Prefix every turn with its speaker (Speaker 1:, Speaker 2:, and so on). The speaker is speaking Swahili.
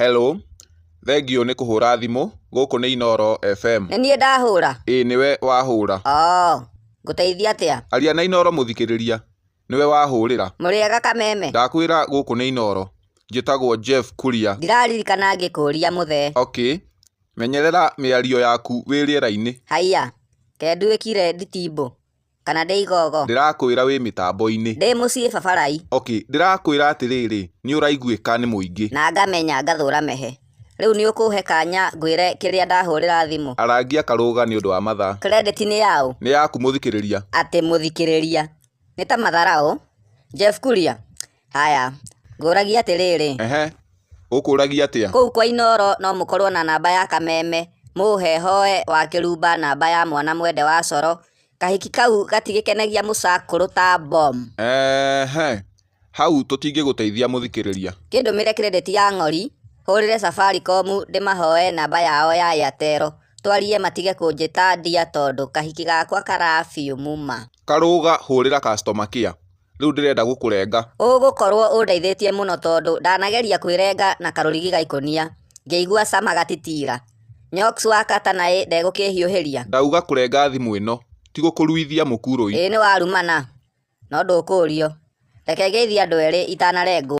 Speaker 1: hello thengio nä kå hå ra thimå gå kå nä inoro fm
Speaker 2: nä niä ndahå ra
Speaker 1: ä nä we wahå ra
Speaker 2: ngå teithia atä a
Speaker 1: aria na inoro må thikä rä ria nä we wahå rä ra
Speaker 2: må rä ega kameme
Speaker 1: ndakwä ra gå kå nä inoro tagwo jeff kuria
Speaker 2: ria må the
Speaker 1: okay menyerera ario yaku wĩ rĩera-inĩ
Speaker 2: haiya kire nditimbũ ndä
Speaker 1: rakwä ra wä mä tambo-inä
Speaker 2: ndä må ciä babarai
Speaker 1: ndä rakwä ra atä rä rä nä å raiguä ka nä må ingä
Speaker 2: na ngamenya ngathå ra mehe rä u nä å kå he kanya ngwä re kä rä a ndahå rä ra thimå
Speaker 1: arangia karå ga nä å ndå wa mathaa
Speaker 2: inä yaå
Speaker 1: nä yakumå thikä rä ria
Speaker 2: atä må thikä rä ria nä ta mathara å eu haya ngå ragia atä rä rä
Speaker 1: he å kå ragia atä
Speaker 2: kå u kwa inoro no må korwo na namba ya kameme må he hoe wa kä rumba namba ya mwana mwende wacoro kahiki kau gatigikenagia mũcakũrũ ta bom
Speaker 1: ehe hau tũtingĩgũteithia
Speaker 2: kindu mire credit ya ng'ori hũrĩre safaricom ndĩmahoe namba yao ya yatero twarie matige kunjita ndia tondu kahiki gakwa karabiũ muma
Speaker 1: karuga hũrĩra customer care riu ndĩrenda gukurenga
Speaker 2: ugukorwo ũndeithĩtie muno tondu ndanageria kwirenga na karurigi ga ikũnia ngĩigua cama gatitira nyoks wa katanaĩ ndegũkĩhiũhĩria
Speaker 1: ndauga kũrenga thimũ ĩno ti gũkũruithia mũkurũ-inĩ
Speaker 2: nä warumana no ndũkũrio reke ngeithia andå erä itanarengwo